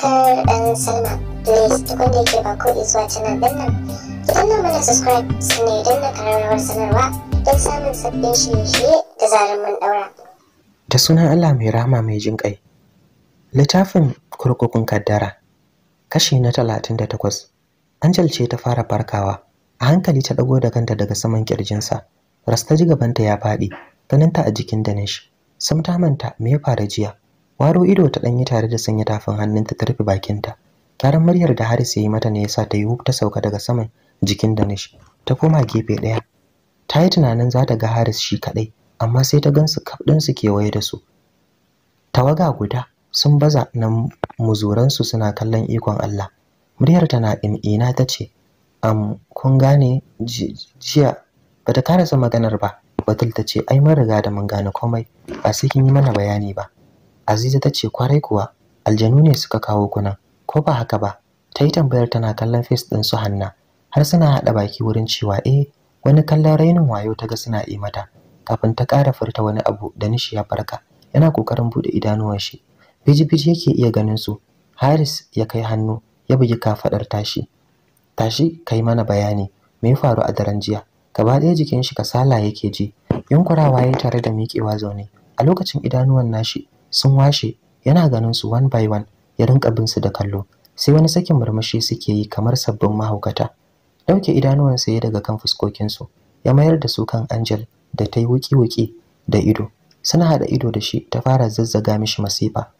subscribe and sign up. Please tukun da yake ba ko zuwa canal nan. subscribe sannan idan na sanarwa don samun sabbin shirye-shirye da zarar mun Da sunan Allah mai rahama mai jin ƙai. Littafin kurkukun kaddara kashi na talatin da takwas. Angel ce ta fara farkawa. A hankali ta ɗago da kanta daga saman ƙirjinsa Rasta ji gabanta ya faɗi, ganinta a jikin Danish. Sam ta manta me ya faru jiya, waro ido ta danyi tare da sanya tafin hannunta ta rufe bakinta gyaran muryar da haris ya yi mata ne yasa ta yi hukta sauka daga saman jikin danish ta koma gefe ɗaya ta yi tunanin za ta ga haris shi kadai, amma sai ta gansu kaf su kewaye da su tawaga guda sun baza na su suna kallon ikon allah muryar tana ina ta ce am kun gane jiya bata karasa maganar ba batul ta ce ai mun riga da mun gane komai ba sai kin yi mana bayani ba Aziza ta ce kwarai kuwa aljanu ne suka kawo kunan ko ba haka ba ta yi tambayar tana kallon face ɗin su Hanna har suna haɗa baki wurin cewa eh wani kallon rainin wayo ta ga suna yi mata kafin ta ƙara furta wani abu da nishi ya farka yana kokarin buɗe idanuwan shi biji-biji yake iya ganin su Haris ya kai hannu ya bugi kafaɗar tashi tashi kai mana bayani me ya faru a daren jiya gaba ɗaya jikin shi kasala yake ji yunkurawa ya tare da miƙewa zaune a lokacin idanuwan nashi sun washe yana ganin su one by one ya rinka bin su da kallo sai wani sakin murmushi suke yi kamar sabbin mahaukata dauke idanuwan sa daga kan fuskokin su ya mayar da su kan Angel da ta yi wuki-wuki da ido suna haɗa ido da shi ta fara zazzaga mishi masifa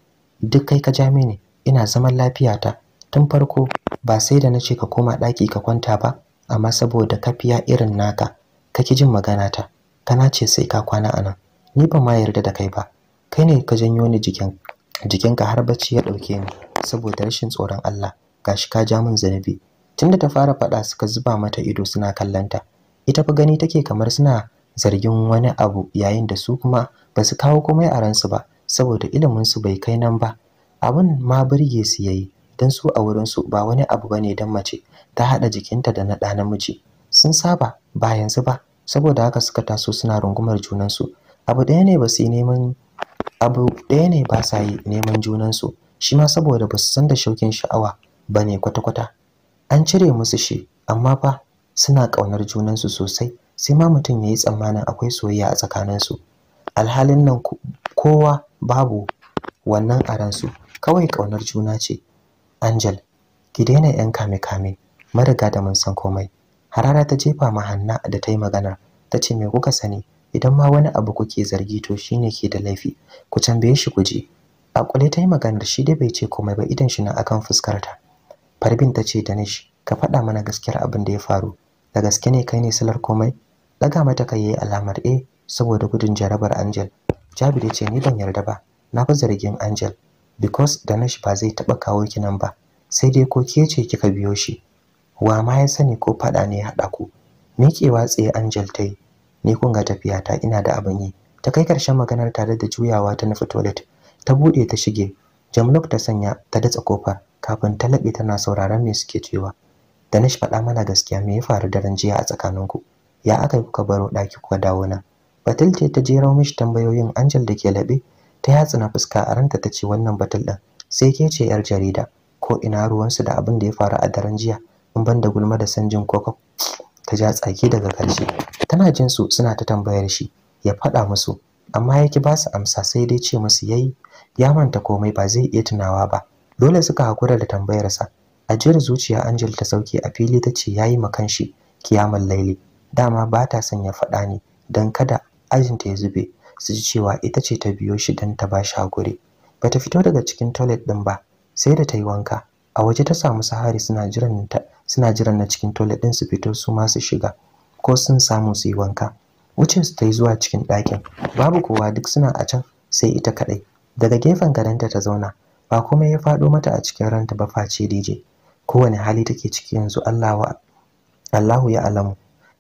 duk kai ka ja mini ina zaman lafiyata tun farko ba sai da na ce ka koma ɗaki ka kwanta ba amma saboda kafiya irin naka kake jin magana ta kana ce sai ka kwana anan ni ba ma yarda da kai ba kai ne ka janyo ni jikin jikinka har bacci ya ɗauke ni saboda rashin tsoron Allah gashi ka ja min zanabi tunda ta fara faɗa suka zuba mata ido suna kallanta ita fa gani take kamar suna zargin wani abu yayin da su kuma ba su kawo komai a ransu ba saboda ilimin su bai kai nan ba Abun ma burge su yayi dan su a wurin su ba wani abu bane dan mace ta hada jikinta da na ɗa namiji sun saba ba yanzu ba saboda haka suka taso suna rungumar junansu abu ɗaya ne ba su neman abu ɗaya ne ba sa yi neman junansu shi ma saboda ba su san da shaukin sha'awa ba ne kwata-kwata an cire musu shi amma fa suna ƙaunar junansu sosai sai ma mutum ya yi tsammanin akwai soyayya a tsakaninsu alhalin nan kowa babu wannan a ransu kawai ƙaunar juna ce angel ki daina yan kame-kame mariga da mun san komai harara ta jefa ma hanna da ta yi magana ta ce me kuka sani idan ma wani abu kuke zargi to shine ke da laifi ku tambaye shi ku je a kule ta yi maganar shi dai bai ce komai ba idan shi na akan fuskarta. farbin ta ce da nishi ka faɗa mana gaskiyar abin da ya faru da gaske ne kai ne salar komai daga mata kai yayi alamar eh saboda gudun jarabar Angel Jabir ya ce ni ban yarda ba na fa zargin Angel because Danish ba zai taba kawo ki nan ba sai dai ko ke ce kika biyo shi wa ma ya sani ko faɗa ne ya hada ku miƙewa tsaye Angel ta yi ni kun ga tafiya ta ina da abin yi ta kai karshen maganar tare da juyawa ta nufi toilet ta bude ta shige Jamluk ta sanya ta datsa kofar kafin ta labe tana sauraron me suke cewa da na faɗa mana gaskiya me ya faru daren jiya a tsakaninku ya aka yi kuka baro ɗaki kuka dawo nan batul ce ta jera mishi tambayoyin angel da ke laɓe ta yatsa na fuska a ranta ta ce wannan batul ɗin sai ke ce yar jarida ko ina ruwansu da abin da ya faru a daren jiya in ban da gulma da sanjin koko ta ja tsaki daga ƙarshe tana jin su suna ta tambayar shi ya faɗa musu amma yake ba su amsa sai dai ce musu yayi ya manta komai ba zai iya tunawa ba dole suka hakura da tambayarsa ajiyar zuciya Angel ta sauke a fili ta ce yayi makan shi kiyamal laili dama ba ta son ya faɗa ne dan kada ajinta ya zube su ji cewa ita ce ta biyo shi dan ta ba shi hakuri bata fito daga cikin toilet din ba sai da ta yi wanka a waje ta samu sahari suna jiran ta suna jiran na cikin toilet din su fito su ma su shiga ko sun samu su yi wanka wucin su ta yi zuwa cikin ɗakin babu kowa duk suna a can sai ita kaɗai daga gefen gadonta ta zauna ba komai ya faɗo mata a cikin ranta ba face dije kowane hali take ciki yanzu Allahu ya alamu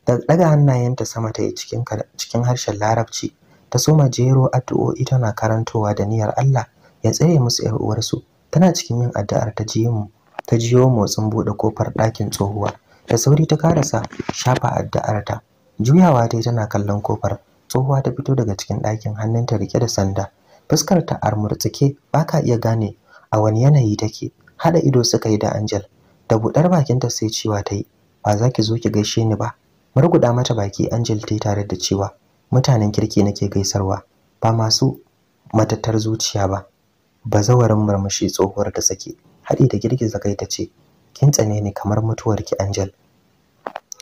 da daga hannayenta sama ta yi cikin harshen larabci ta soma jero addu'o'i tana karantowa da niyyar Allah ya tsare musu ƴar uwarsu tana cikin yin addu'ar ta jiyo motsin buɗe kofar ɗakin tsohuwa da sauri ta karasa shafa addu'arta juyawa dai tana kallon kofar tsohuwa ta fito daga cikin ɗakin hannunta rike da sanda fuskar ta armurtsike ka iya gane a wani yanayi take hada ido suka yi da Angel da buɗar bakinta sai cewa ta yi ba za ki zo ki gaishe ni ba marguda mata baki Angel ta tare da cewa mutanen kirki nake gaisarwa ba masu matattar zuciya ba bazawarin murmushi tsohuwar ta sake haɗi da girgiza kai ta ce kin ne ne kamar ki, Angel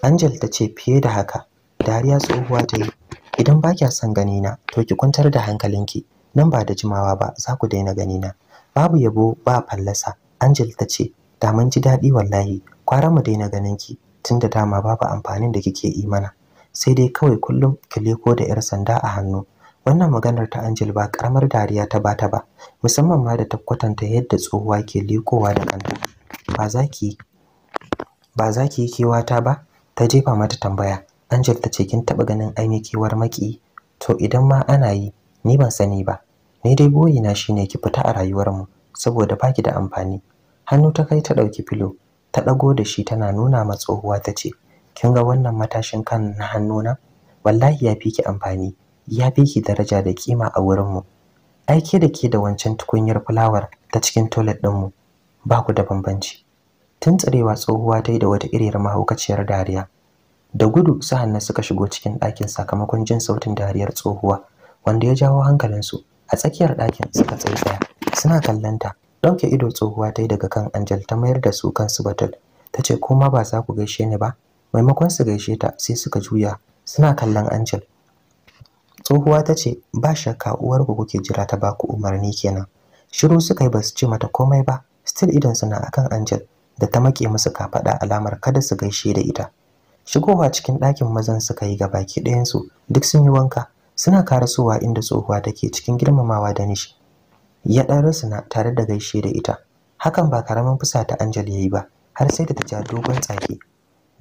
Angel ta ce fiye da haka dariya tsohuwa ta yi idan ba kya son gani na to ki kwantar da hankalinki nan ba da jimawa ba za ku daina gani na babu yabo ba fallasa Angel ta ce da mun ji daɗi wallahi kwara mu daina ganin ki tunda dama babu amfanin da kike yi mana sai dai kawai kullum ki leko da yar sanda a hannu wannan maganar ta Angel ba karamar dariya ta bata ba musamman ma da ta kwatanta yadda tsohuwa ke lekowa da kanta ba za ki ba za ki yi kewata ba ta jefa mata tambaya Angel ta ce kin taba ganin an kewar maki to idan ma ana yi ni ban sani ba ni dai boyi na shine ki fita a rayuwar mu saboda ki da amfani hannu ta kai ta dauki filo ta dago da shi tana nuna ma tsohuwa ta ce kin ga wannan matashin kan na hannu na wallahi ya fi ki amfani ya fi ki daraja da kima a wurin mu aike da ke da wancan tukunyar fulawar ta cikin toilet din mu ba ku da bambanci Tun tsarewa tsohuwa ta yi da wata iriyar mahaukaciyar dariya da gudu su hannun suka shigo cikin ɗakin sakamakon jin sautin dariyar tsohuwa wanda ya jawo hankalinsu a tsakiyar ɗakin suka tsaya suna kallonta ɗauke ido tsohuwa ta yi daga kan Angel ta mayar da su kan su batul ta ce ko ma ba za ku gaishe ni ba maimakon su gaishe ta sai suka juya suna kallon Angel tsohuwa ta ce ba shakka uwarku kuke jira ta baku umarni kenan shiru suka yi ba su ce mata komai ba still idan suna akan Angel da ta make musu kafada alamar kada su gaishe da ita shigowa cikin ɗakin mazan suka yi gabaki ɗayansu duk sun yi wanka suna karasowa inda tsohuwa take cikin girmamawa da nishi ya ɗan rasuna tare da gaishe da ita hakan ba karamin fusa ta Angel yayi ba har sai da ta ja dogon tsaki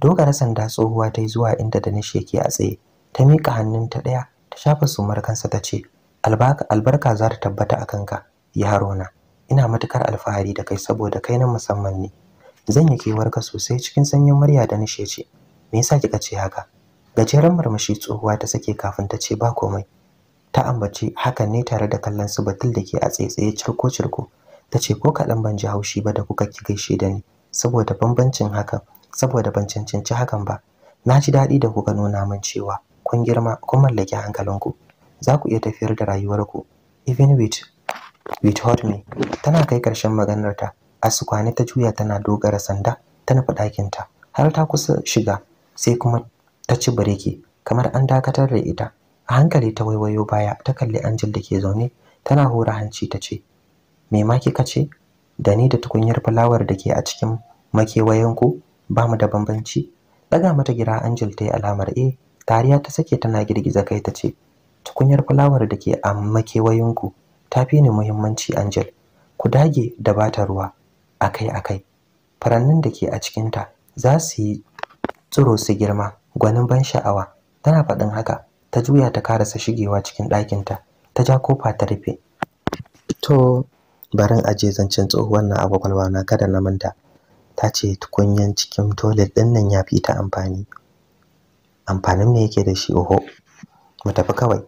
dogara sanda tsohuwa ta yi zuwa inda da nishi yake a tsaye ta miƙa hannunta ɗaya ta shafa sumar kansa ta ce albarka za ta tabbata a kanka yarona ina matukar alfahari da kai saboda kai na musamman ne zan yi kewarka sosai cikin sanyin murya da nishe ce me yasa kika ce haka gajeren marmashi tsohuwa ta sake kafin ta ce ba komai ta ambaci hakan ne tare da kallon su batul da ke a tsaitsaye cirko cirko ta ce ko kaɗan ban ji haushi ba da kuka ki gaishe da ni saboda bambancin hakan saboda ban cancanci hakan ba na ji daɗi da kuka nuna min cewa kun girma kun mallaki hankalinku za ku iya tafiyar da rayuwarku even with with me tana kai ƙarshen maganar ta a sukwane ta juya tana dogara sanda ta nufi ɗakinta har ta kusa shiga sai kuma ta ci bireki kamar an dakatar da ita a hankali ta waiwayo baya ta kalli Angel da ke zaune tana hura hanci ta ce me ma kika ce da ni da tukunyar fulawar da ke a cikin makewayen ku ba mu da bambanci daga mata gira Angel ta yi alamar e eh. tariya ta sake tana girgiza kai ta ce tukunyar fulawar da ke a makewayen ku ta fi ni muhimmanci Angel ku dage da bata ruwa akai-akai furannin da ke a cikinta za su yi tsiro su girma gwanin ban sha'awa tana faɗin haka ta juya ta karasa shigewa cikin ɗakinta ta ja kofa ta rufe to barin aje zancen tsohuwar na a na kada na manta ta ce tukunyan cikin toilet ɗin nan ya fi ta amfani amfanin me yake da shi oho mu tafi kawai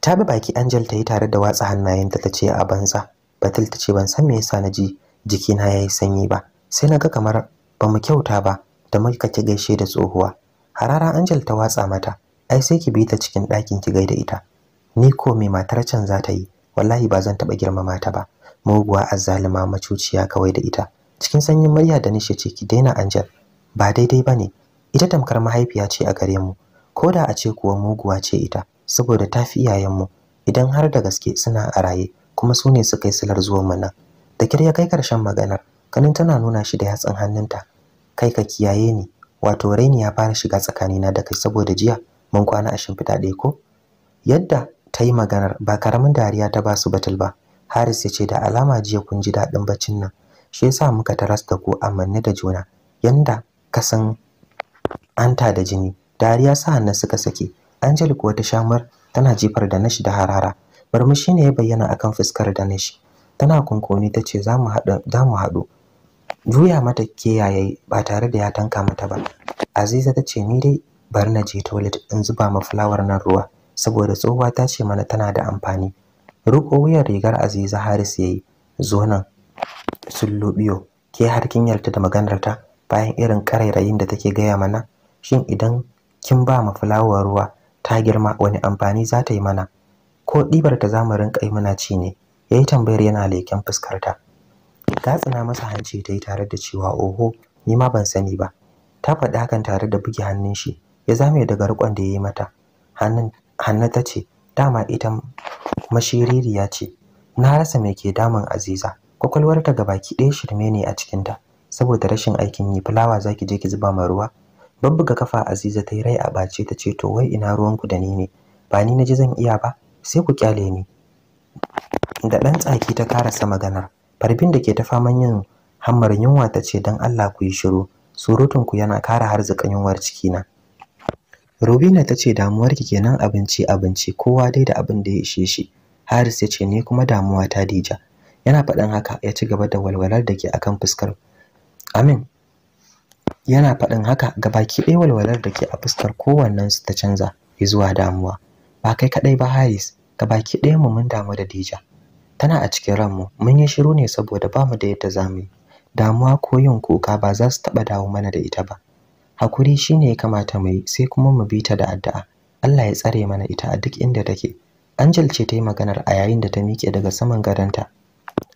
ta bi baki angel ta yi tare da watsa hannayenta ta ce a banza batil ta ce ban san me yasa na ji jikina ya yi sanyi ba sai naga kamar ba mu kyauta ba da muka ki gaishe da tsohuwa harara angel ta watsa mata ai sai ki bi ta cikin ɗakin ki gaida ita ni ko mai matar can za ta yi wallahi ba zan taɓa girmama ta ba muguwa azzalima macuciya kawai da ita cikin sanyin murya da nishe ce ki daina angel ba daidai ba ne ita tamkar mahaifiya ce a gare mu ko da a ce kuwa muguwa ce ita saboda ta fi iyayenmu idan har da gaske suna a raye kuma su ne suka yi silar zuwan mu nan da ya kai karshen maganar kanin tana nuna shi da yatsin hannunta kai ka kiyaye ni wato raini ya fara shiga tsakanina da kai saboda jiya mun kwana a shimfiɗa ɗaya ko yadda ta yi maganar ba karamin dariya ta ba su batul ba haris ya ce da alama jiya kun ji daɗin baccin nan shi yasa muka taras da ku amanni da juna yanda ka san anta da jini dariya sa hannu suka sake angel kuwa ta shamar tana jifar da nashi da harara murmushi ne ya bayyana akan fuskar da nashi tana kunkuni ta ce za mu haɗu juya mata ke yaye ba tare da ya tanka mata ba aziza ta ce ni dai bari na je toilet in zuba ma fulawar nan ruwa saboda tsohuwa ta ce mana tana da amfani riko wuyar rigar aziza haris yayi zo nan Sullubio ke har kin yarda da maganar ta bayan irin karairayin da take gaya mana shin idan kin ba ma fulawar ruwa ta girma wani amfani za ta yi mana ko ɗibar ta za mu rinka yi muna ci ne ya yi tambayar yana leken fuskarta tsina masa hanci ta yi tare da cewa oho ni ma ban sani ba ta faɗi hakan tare da buge hannun shi ya zame daga riƙon da ya yi mata hannu ta ce dama ita mashiririya ce na rasa mai ke damun aziza kwakwalwarta ga baki ɗaya shirme ne a cikinta saboda rashin aikin yi fulawa za ki je ki zuba ma ruwa babbuga kafa aziza ta yi rai a ɓace ta ce to wai ina ruwanku da ni ne ba ni na ji zan iya ba sai ku kyale ni da ɗan tsaki ta karasa maganar farbin da ke ta faman yin hamar yunwa ta ce don Allah ku yi shiru surutunku yana kara harzuka yunwar ciki na. Rubina ta ce damuwar ki kenan abinci abinci kowa dai da abin da ya ishe shi Haris ya ce ni kuma damuwa ta Dija yana faɗin haka ya ci gaba da walwalar da ke akan fuskar Amin yana faɗin haka ga baki ɗaya walwalar da ke a fuskar kowannen su ta canza zuwa damuwa ba kai kaɗai ba Haris baki ɗaya mu mun damu da Dija tana a cikin ranmu mun yi shiru ne saboda ba mu da yadda za mu yi damuwa ko yin kuka ba za su taɓa dawo mana da ita ba hakuri shi ne ya kamata mu yi sai kuma mu bi ta da addu'a Allah ya tsare mana ita a duk inda take Angel ce ta yi maganar a yayin da ta miƙe daga saman gadonta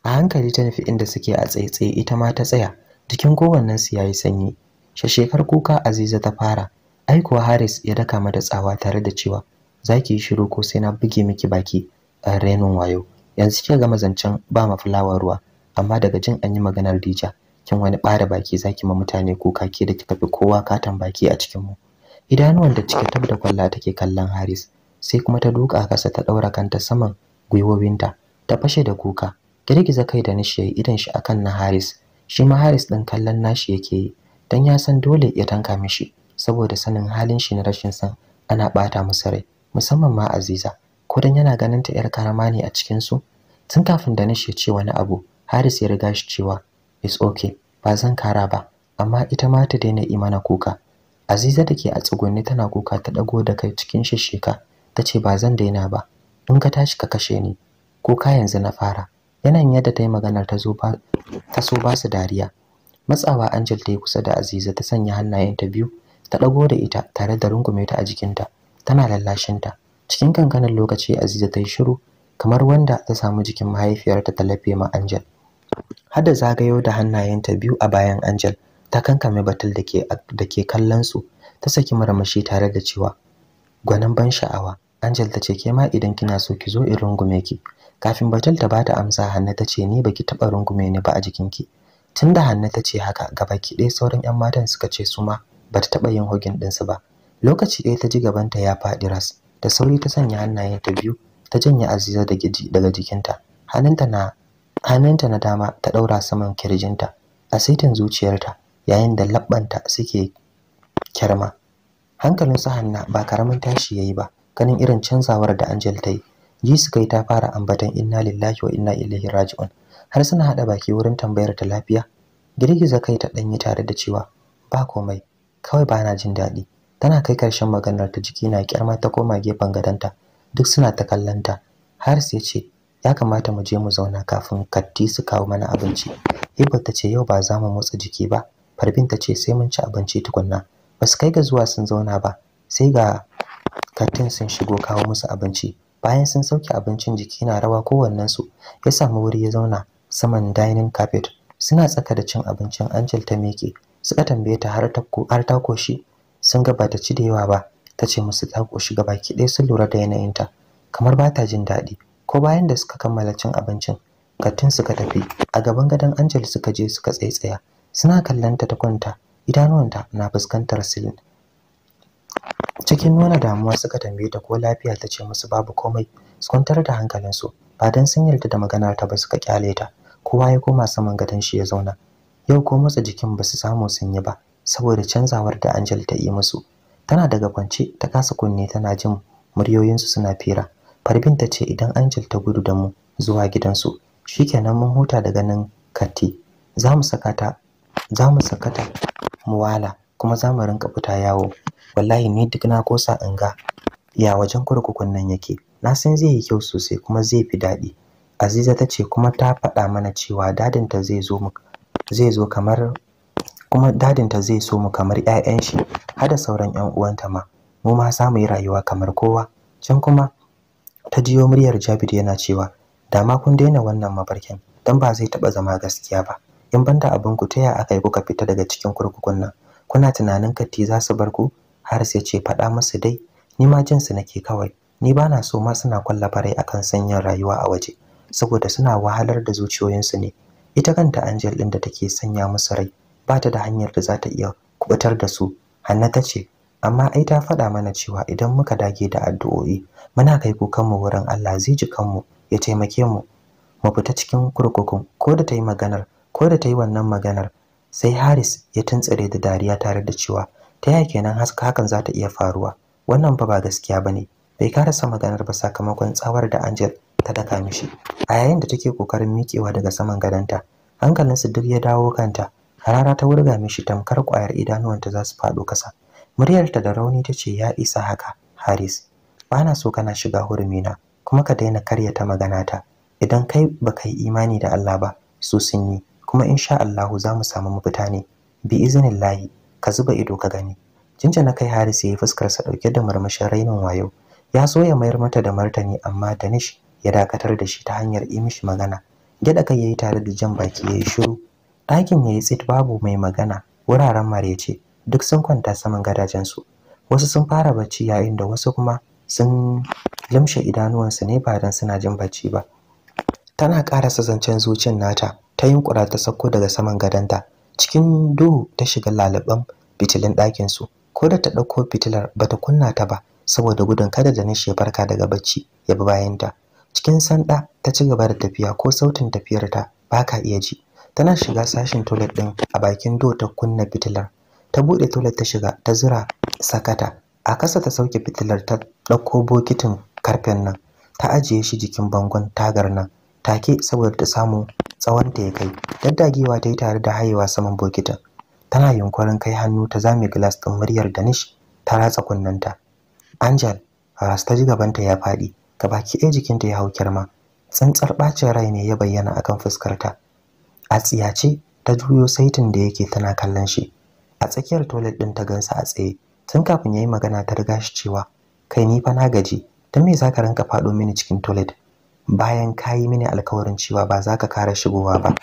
a hankali ta nufi inda suke a tsaitsaye ita ma ta tsaya jikin kowannen su yi sanyi shashekar kuka Aziza ta fara Aiko Haris ya daka mata tsawa tare da cewa zaki yi shiru ko sai na buge miki baki a renin wayo yanzu kika gama zancen ba ma fulawa ruwa amma daga jin an yi maganar Dija kin wani ɓara baki zaki ma mutane kuka ke da kika fi kowa katon baki a cikin mu idanuwan da cike tab da kwalla take kallon Haris sai kuma ta duka kasa ta daura kanta saman gwiwowinta ta fashe da kuka girgiza kai da nishi yayi idan shi akan na Haris shi ma Haris din kallon nashi yake yi dan ya san dole ya tanka mishi saboda sanin halin shi na rashin san ana bata masa rai musamman ma Aziza ko yana ganin ta yar karama ne a cikin su tun kafin da ya ce wani abu Haris ya riga shi cewa it's okay ba zan kara ba amma ita ma ta daina yi mana kuka Aziza da ke a tsugunne tana kuka ta dago da kai cikin shishika tace ba zan daina ba in ka tashi ka kashe ni kuka yanzu na fara yanayin yadda ta yi maganar ta zo ba ta so ba su dariya matsawa Angel ta yi kusa da Aziza ta sanya hannayenta biyu ta dago da ita tare da rungume ta a jikinta tana lallashinta cikin kankanin lokaci aziza ta yi shiru kamar wanda ta samu jikin mahaifiyarta ta lafe ma angel har da zagayo da hannayenta biyu a bayan angel ta kankame batul da ke kallon su ta saki marmashi tare da cewa gwanin ban sha'awa angel ta ce ke ma idan kina so ki zo in rungume ki kafin batul ta bata amsa hanna ta ce ni baki taba rungume ni ba a jikinki tunda hanna ta ce haka gaba ki ɗaya sauran yan matan suka ce su ma bata taɓa yin hogin ɗinsu ba lokaci ɗaya ta ji gabanta ya faɗi ras da sauri ta sanya hannayen ta biyu ta janye aziza daga jikinta hannunta na hannunta na dama ta ɗaura saman kirjinta a saitin zuciyarta yayin da labbanta suke kyarma hankalin su hanna ba karamin tashi yayi ba ganin irin canzawar da Angel ta yi ji su kai ta fara ambaton inna lillahi wa inna ilaihi raji'un har suna hada baki wurin tambayar ta lafiya girgiza kai ta danyi tare da cewa ba komai kawai ba na jin daɗi tana kai karshen maganar ta jiki na kyarma ta koma gefen gadonta duk suna ta kallon ta har sai ce ya kamata mu je mu zauna kafin katti su kawo mana abinci Ibar ta ce yau ba za mu motsa jiki ba Farbin ta ce sai mun ci abinci tukunna ba su kai ga zuwa sun zauna ba sai ga kattin sun shigo kawo musu abinci bayan sun sauke abincin jiki na rawa kowannensu ya samu wuri ya zauna saman dining carpet suna tsaka da cin abincin Angel ta meke suka tambaye har ta har ta koshi sun ga bata ci da yawa ba ta ce musu ta koshi baki ɗaya sun lura da yanayinta kamar ba ta jin daɗi ko bayan da suka kammala cin abincin kattun suka tafi a gaban gadon Angel suka je suka tsaitsaya suna kallon ta ta kwanta idanuwanta na fuskantar silin cikin nuna damuwa suka tambaye ta ko lafiya ta ce musu babu komai su kwantar da hankalinsu ba don sun yarda da maganar ta ba suka kyale ta kowa ya koma saman gadon shi ya zauna yau ko motsa jikin ba su samu sun yi ba saboda canzawar da Angel ta yi musu tana daga kwance ta kasa kunne tana jin muryoyinsu suna fira Farbin ta ce idan Angel ta gudu da mu zuwa gidansu shikenan mun huta daga nan Kati za mu sakata mu wala kuma za mu rinka fita yawo wallahi ni duk na kosa in ga ya wajen kurkukun nan yake na san zai yi kyau sosai kuma zai fi daɗi Aziza ta ce kuma ta faɗa mana cewa dadinta zai zo zai zo kamar kuma dadinta zai so mu kamar 'ya'yan shi hada sauran 'yan uwanta ma mu ma za mu yi rayuwa kamar kowa can kuma ta jiyo muryar Jabir yana cewa da ma kun daina wannan mafarkin dan ba zai taba zama gaskiya ba in banda abin ku taya aka yi kuka fita daga cikin kurkukun nan kuna tunanin katti za su bar ku har sai ce faɗa musu dai ni ma jinsu nake kawai ni ba na so ma suna kwalla farai akan sanyin rayuwa a waje saboda suna wahalar da zuciyoyinsu ne ita kanta Angel din da take sanya musu rai ba ta da hanyar da za ta iya kubutar da su hanna ta ce amma ai ta faɗa mana cewa idan muka dage da addu'o'i muna kai kukanmu wurin Allah zai ji kanmu ya taimake mu mu fita cikin kurkukun ko da ta yi maganar ko da ta yi wannan maganar sai Haris ya tuntsare da dariya tare da cewa ta yaya kenan haska hakan za ta iya faruwa wannan fa ba gaskiya ba ne. bai karasa maganar ba sakamakon tsawar da Angel ta daka mishi a yayin da take kokarin miƙewa daga saman gadonta hankalinsu duk ya dawo kanta Harara ta wurga mishi tamkar ƙwayar idanuwanta za su faɗo ƙasa. Muryarta da rauni ta ce ya isa haka, Haris. Bana so kana shiga hurumina, kuma ka daina karya ta magana ta. Idan kai ba kai imani da Allah ba, su sun yi, kuma insha Allahu za mu samu mafita ne. Bi izinin ka zuba ido ka gani. Jinja na kai Haris ya yi fuskarsa ɗauke da murmushin rainin wayo. Ya so ya mayar mata da martani amma Danish ya dakatar da shi ta hanyar yi magana. Gyaɗa kai ya yi tare da jan baki ya yi shiru ɗakin ya yi tsit babu mai magana wuraren marece duk sun kwanta saman gadajensu wasu sun fara bacci yayin da wasu kuma sun limshe idanuwansu ne ba don suna jin bacci ba tana ƙarasa zancen zuciyar nata ta yunkura ta sauko daga saman gadonta cikin duhu ta shiga lalaban fitilin ɗakinsu ko da ta ɗauko fitilar ba ta kunna ta ba saboda gudun kada da nishe ya barka daga bacci ya bi bayanta cikin sanda ta ci gaba da tafiya ko sautin tafiyarta ba ka iya ji tana shiga sashin toilet din a bakin do ta kunna fitilar ta bude toilet ta shiga ta zura sakata a kasa ta sauke fitilar ta dauko bokitin karfen nan ta ajiye shi jikin bangon tagar nan take saboda ta samu tsawon ta ya kai daddagewa ta yi tare da hayewa saman bokitin tana yunkurin kai hannu ta zame glass din muryar Danish ta ratsa kunnanta Angel rasta ji gabanta ya fadi gabaki ɗaya jikinta ya hau kirma tsantsar bacin rai ne ya bayyana akan fuskarta a tsiyace ta juyo saitin da yake tana kallon shi a tsakiyar toilet din ta gansa a tsaye tun kafin yayi magana ta riga shi cewa kai ni fa na gaji ta me zaka rinka fado mini cikin toilet bayan kayi mini alkawarin cewa ba za ka kara shigowa ba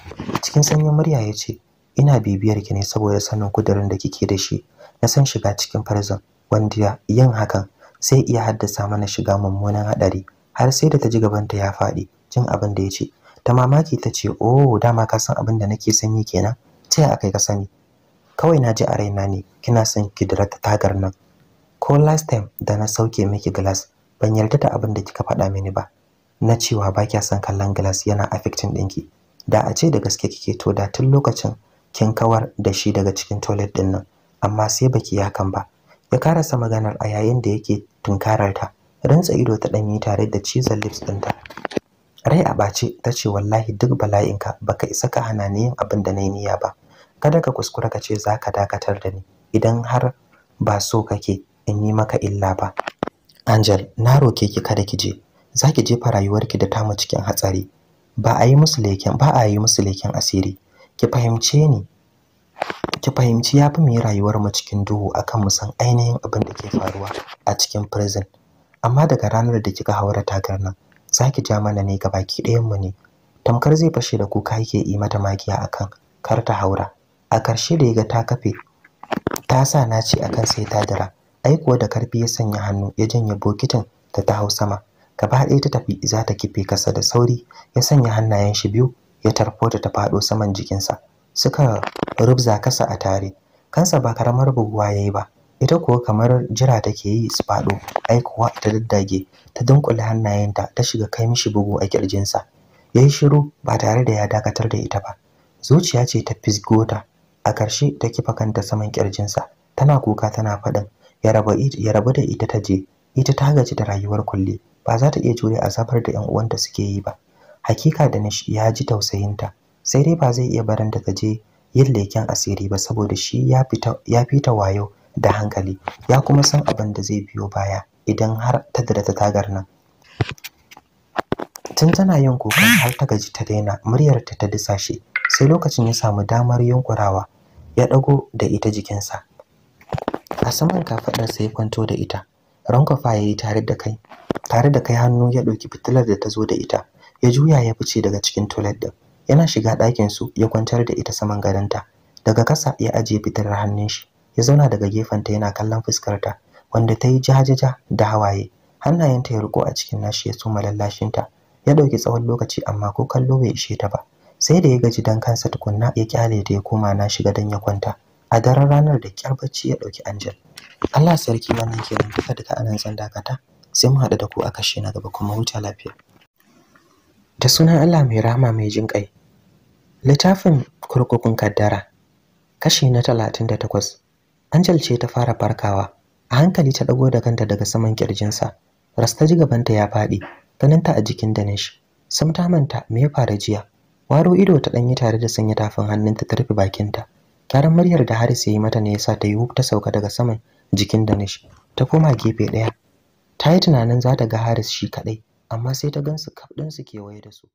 cikin sanyin murya ya ce ina bibiyar ki ne saboda sanin kudirin da kike da shi na san shiga cikin farzan wanda yin hakan sai iya haddasa mana shiga mummunan hadari har sai da ta ji gabanta ya faɗi jin abin da ya ce ta mamaki ta ce oh dama ka san abin da nake sanyi kenan ce a kai ka sani kawai na ji a raina ne kina son ki dira tagar nan ko last time da na sauke miki glass ban yarda da abin da kika faɗa mini ba na cewa ba kya son kallon glass yana affecting ɗinki da a ce da gaske kike to da tun lokacin kin kawar da shi daga cikin toilet ɗinnan. nan amma sai baki ya kan ba ya karasa maganar a yayin da yake tunkarar ta rantsa ido ta ɗanyi tare da cizon lips ɗinta rai a ɓace ta ce wallahi duk bala'inka baka isa ka hana ni yin abin da na yi niyya ba kada ka kuskura ka ce za ka dakatar da ni idan har ba so kake in yi maka illa ba angel na roke ki kada ki je za ki jefa rayuwarki da tamu cikin hatsari ba a yi musu leken ba a yi musu leken asiri ki fahimce ni ki fahimci yafi mu yi rayuwar mu cikin duhu akan mu san ainihin abin da ke faruwa a cikin prison amma daga ranar da kika haura tagar nan zaki ja mana ne ga baki ɗayan mu ne tamkar zai fashe da kuka yake yi mata magiya akan kar ta haura a karshe da ya ga ta kafe ta sa na ce akan sai ta dira ai kuwa da karfi ya sanya hannu ya janye bokitin da ta hau sama gaba ɗaya ta tafi za ta kife kasa da sauri ya sanya hannayen shi biyu ya tarfo ta faɗo saman jikinsa suka rubza kasa a tare kansa ba karamar buguwa yayi ba ita kuwa kamar jira take yi su faɗo ai kuwa ta daddage ta dunkule hannayenta ta shiga kai mishi bugu a kirjinsa ya yi shiru ba tare da ya dakatar da ita ba zuciya ce ta fisgota a ƙarshe ta kifa kanta saman kirjinsa tana kuka tana faɗin ya raba da ita ta je ita ta gaji da rayuwar kulli ba za ta iya jure a azabar da yan uwanta suke yi ba hakika da nishi, ya ji tausayinta sai dai ba zai iya barin ta je yin leken asiri ba saboda shi ya fita wayo da hankali ya kuma san abin da zai biyo baya idan har ta dira ta tagar nan tun tana yin kukan har ta gaji ta daina muryar ta ta disashe sai lokacin ya samu damar yunkurawa ya dago da ita jikinsa a saman kafadar sai kwanto da ita rankwafa ya yi tare da kai tare da kai hannu ya ɗauki fitilar da ta zo da ita ya juya ya fice daga cikin toilet din yana shiga ɗakinsu ya kwantar da ita saman gadonta daga kasa ya ajiye fitilar hannun shi ya zauna daga gefenta yana kallon fuskarta wanda ta yi jajaja da hawaye hannayenta ya riko a cikin nashi ya lallashin lallashinta ya ɗauki tsawon lokaci amma ko kallo bai ishe ta ba sai da ya gaji dan kansa tukunna ya kyale ta ya koma na shiga dan ya kwanta a daren ranar da kyar bacci ya ɗauki Angel Allah sarki wannan kenan duka duka anan zan dakata sai mu haɗu da ku a kashe na gaba kuma huta lafiya da sunan Allah mai rahama mai jin ƙai littafin kurkukun kaddara kashi na talatin da takwas. Angel ce ta fara farkawa. A hankali ta dago da kanta daga saman kirjinsa. Rasta ji gabanta ya faɗi, ganinta a jikin Danish. Sam ta manta me ya fara jiya. Waro ido ta danyi tare da sanya tafin hannunta ta rufe bakinta. Karan maryar da Haris ya yi mata ne yasa ta yi ta sauka daga saman jikin Danish. Ta koma gefe ɗaya. Ta yi tunanin za ta ga Haris shi kaɗai, amma sai ta gansu kaf ɗinsu kewaye da su.